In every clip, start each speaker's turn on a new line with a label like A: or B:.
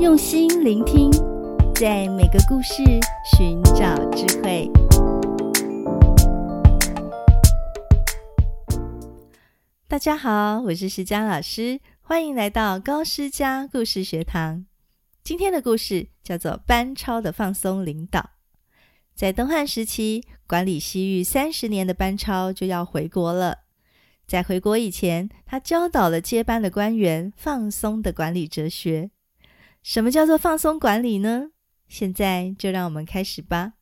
A: 用心聆聽，在每個故事尋找智慧。大家好，我是詩佳老師，歡迎來到高詩佳故事學堂。今天的故事叫做《班超的放鬆領導》。在東漢時期，管理西域三十年的班超就要回國了。在回國以前，他教導了接班的官員放鬆的管理哲學。什麼叫做放鬆管理呢？現在就讓我們開始吧。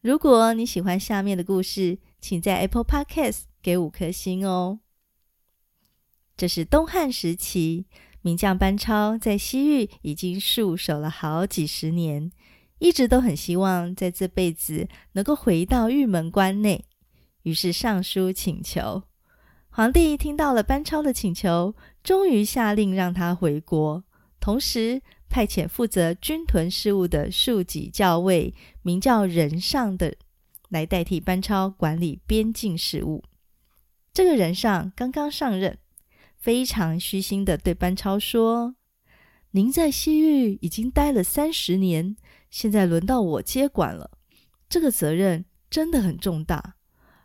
A: 如果你喜歡下面的故事，請在 Apple Podcast 給五顆星哦。這是東漢時期，名將班超在西域已經戍守了好幾十年，一直都很希望在這輩子能夠回到玉門關內。於是上書請求。皇帝聽到了班超的請求，終於下令讓他回國，同時，派遣負責軍屯事務的戊己校尉，名叫任尚的，來代替班超管理邊境事務。這個任尚剛剛上任，非常虛心地對班超說：“您在西域已經待了三十年，現在輪到我接管了，這個責任真的很重大，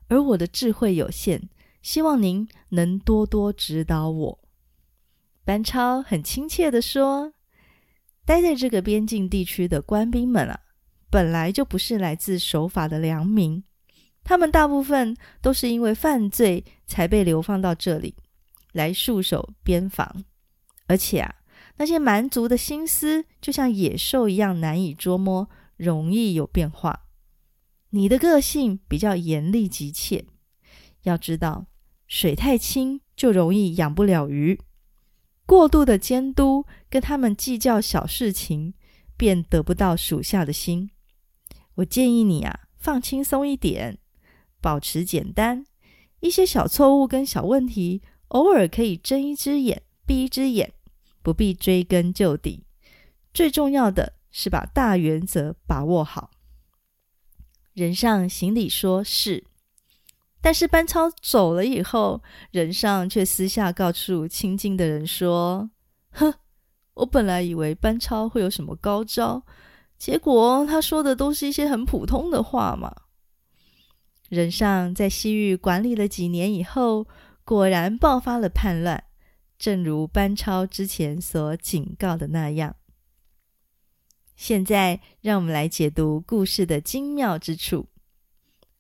A: 而我的智慧有限，希望您能多多指導我。”班超很親切地說。待在這個邊境地區的官兵們啊，本來就不是來自守法的良民，他們大部分都是因為犯罪才被流放到這裡來戍守邊防。而且啊，那些蠻族的心思就像野獸一樣難以捉摸，容易有變化。你的個性比較嚴厲急切，要知道水太清就容易養不了魚。過度的監督，跟他們計較小事情，便得不到屬下的心。我建議你啊，放輕鬆一點，保持簡單。一些小錯誤跟小問題，偶爾可以睜一隻眼閉一隻眼，不必追根究底。最重要的是把大原則把握好。任尚行禮說是。是。但是，班超走了以後，任尚卻私下告訴親近的人說：“哼，我本來以為班超會有什麼高招，結果他說的都是一些很普通的話嘛。”任尚在西域管理了幾年以後，果然爆發了叛亂，正如班超之前所警告的那樣。現在，讓我們來解讀故事的精妙之處。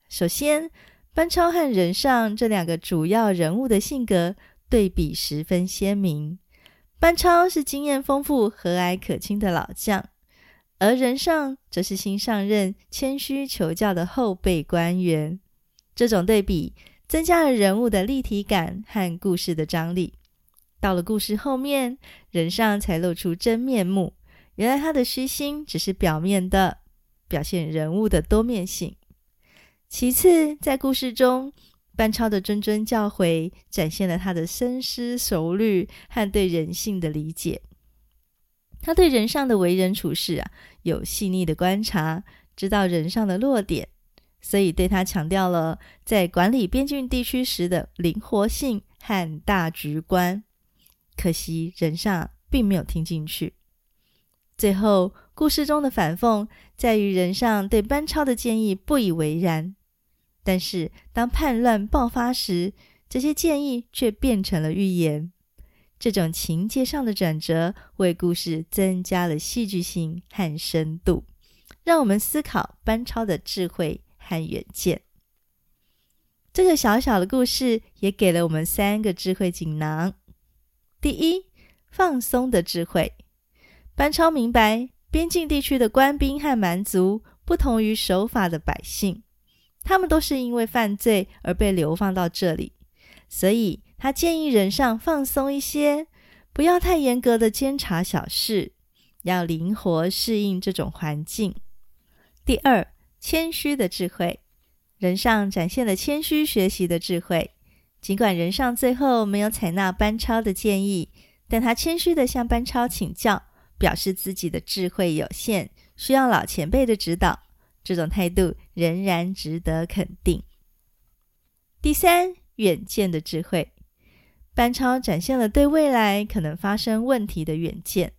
A: 首先。班超和任尚這兩個主要人物的性格對比十分鮮明。班超是經驗豐富、和藹可親的老將，而任尚則是新上任、謙虛求教的後輩官員。這種對比增加了人物的立體感和故事的張力。到了故事後面，任尚才露出真面目，原來他的虛心只是表面的，表現人物的多面性。其次，在故事中，班超的諄諄教誨展現了他的深思熟慮和對人性的理解。他對任尚的為人處事啊，有細膩的觀察，知道任尚的弱點，所以對他強調了在管理邊境地區時的靈活性和大局觀。可惜任尚並沒有聽進去。最後，故事中的反諷在於任尚對班超的建議不以為然。但是，當叛亂爆發時，這些建議卻變成了預言。這種情節上的轉折為故事增加了戲劇性和深度，讓我們思考班超的智慧和遠見。這個小小的故事也給了我們三個智慧錦囊：第一，放鬆的智慧。班超明白，邊境地區的官兵和蠻族不同於守法的百姓。他們都是因為犯罪而被流放到這裡，所以他建議任尚放鬆一些，不要太嚴格的監察小事，要靈活適應這種環境。第二，謙虛的智慧，任尚展現了謙虛學習的智慧。儘管任尚最後沒有採納班超的建議，但他謙虛的向班超請教，表示自己的智慧有限，需要老前輩的指導。這種態度仍然值得肯定。第三，遠見的智慧，班超展現了對未來可能發生問題的遠見。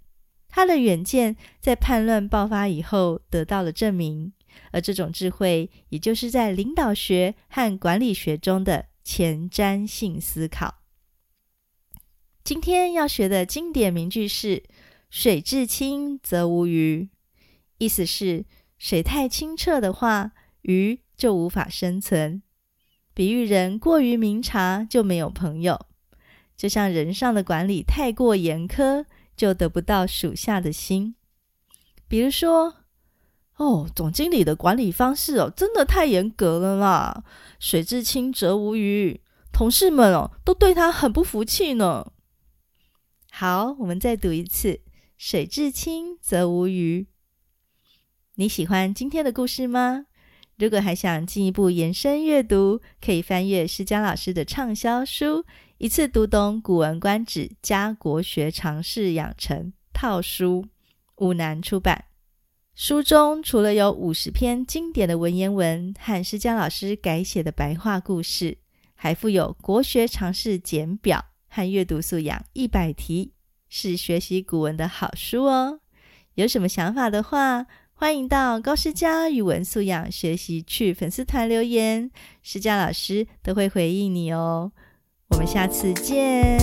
A: 他的遠見在叛亂爆發以後得到了證明，而這種智慧，也就是在領導學和管理學中的前瞻性思考。今天要學的經典名句是“水至清則無魚”，意思是。水太清澈的話，魚就無法生存。比喻人過於明察，就沒有朋友。就像人上的管理太過嚴苛，就得不到屬下的心。比如說，哦，總經理的管理方式哦，真的太嚴格了啦。水至清則無魚，同事們哦，都對他很不服氣呢。好，我們再讀一次：水至清則無魚。你喜歡今天的故事嗎？如果還想進一步延伸閱讀，可以翻閱詩佳老師的暢銷書《一次讀懂古文觀止加國學常識養成套書》，五南出版。書中除了有五十篇經典的文言文和詩佳老師改寫的白話故事，還附有國學常識簡表和閱讀素養一百題，是學習古文的好書哦。有什麼想法的話，歡迎到高詩佳語文素養學習去，粉絲團留言，詩佳老師都會回應你哦。我們下次見。